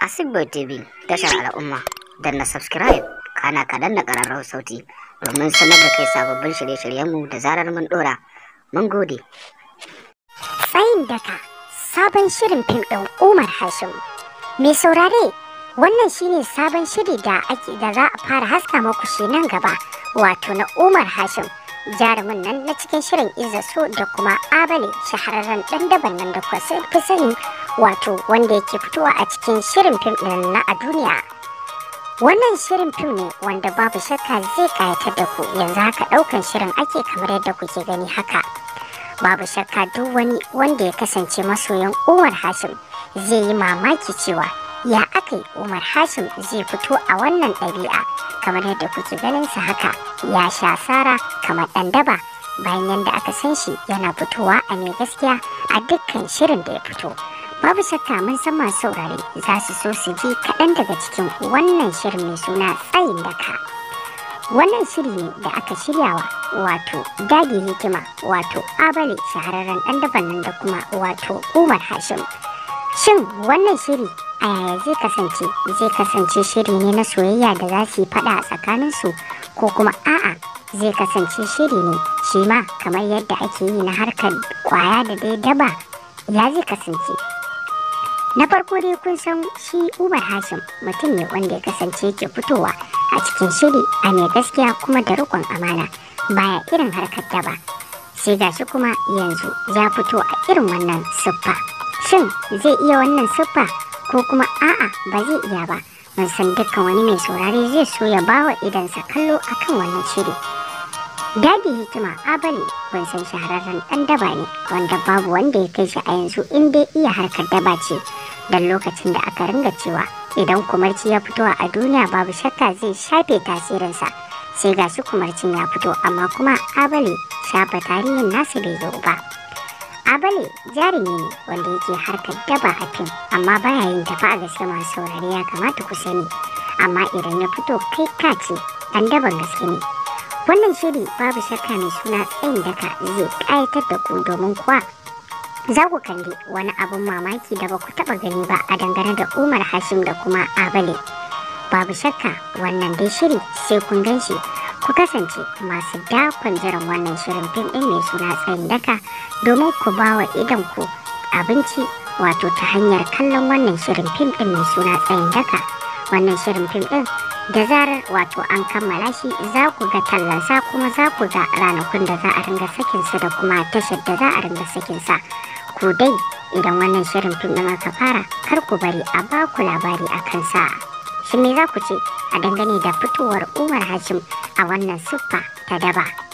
Asigbo TV tashar al'umma da na subscribe kana ka danna ƙararrawar sauti domin sanar da kai sababbin shirye-shiryenmu da zarar mun ɗora. Mun gode. Tsayin daka sabon shirin fim ɗin Umar Hashim. me saurare wannan shine sabon shiri da ake da za a fara haska maku shi nan gaba wato na Umar Hashim. jarumin nan na cikin shirin izaso da kuma abale shahararren dan daban nan da kuwa fi sani wato wanda yake fitowa a cikin shirin fim ɗin na a duniya wannan shirin fim ne wanda babu shakka zai kayatar da ku yanzu haka ɗaukan shirin ake kamar yadda kuke gani haka babu shakka duk wani wanda ya kasance masoyan umar hashim zai yi mamaki cewa ya aka yi umar hashim zai fito a wannan ɗabi'a kamar yadda kuke ganin sa haka ya sha sara kamar ɗan daba bayan yadda aka san shi yana fitowa a ne gaskiya a dukkan shirin da ya fito babu shakka mun san masu saurare za su so su ji kaɗan daga cikin wannan shirin mai suna tsayin daka wannan shiri ne da aka shiryawa wato dadi hikima wato abale shahararren ɗan daban nan da kuma wato umar hashim shin wannan shiri a yaya zai kasance zai kasance shiri ne na soyayya da za su yi faɗa a su ko kuma a'a zai kasance shiri ne shi ma kamar yadda ake yi na harkar kwaya da dai daba ya zai kasance na farko dai kun san shi umar hashim mutum ne wanda ya kasance yake fitowa a cikin shiri a mai gaskiya kuma da rikon amana baya irin harkar ba sai shi kuma yanzu ya fito a irin wannan siffa shin zai iya wannan siffa ko kuma a'a ba zai iya ba mun san dukkan wani mai saurari zai so ya bawa idansa kallo akan wannan shiri Dadi hikima abali kun san shahararren ɗan daba ne wanda babu wanda ya kai shi a yanzu in dai iya harkar daba ce don lokacin da aka ringa cewa idan kumarci ya fito a duniya babu shakka zai shafe tasirinsa sai ga shi kumarcin ya fito amma kuma abale shafa tarihin nasu bai zo ba A'bali jarumi ne wanda yake harkar daba a fim amma baya yin tafa a gaske masu saurari ya kamata ku sani amma idan ya fito kai kace ɗan daban gaske ne wannan shiri babu shakka mai suna tsayin daka zai kayatar da ku domin kuwa za ku kalli wani abin mamaki da ba ku taɓa gani ba a dangane da umar hashim da kuma abale babu shakka wannan dai shiri sai kun gan shi ku kasance masu dakon jiran wannan shirin fim din mai suna tsayin daka domin ku ba wa idan ku abinci wato ta hanyar kallon wannan shirin fim ɗin mai suna tsayin daka wannan shirin fim ɗin da zarar wato an kammala shi za ku ga tallansa kuma za ku ga ranakun da za a ringa sakinsa da kuma tashar da za a ringa sakinsa ku dai idan wannan shirin tun ka aka fara kar ku bari a ba ku labari a kansa shi me za ku ce a dangane da fitowar umar hashim a wannan siffa ta daba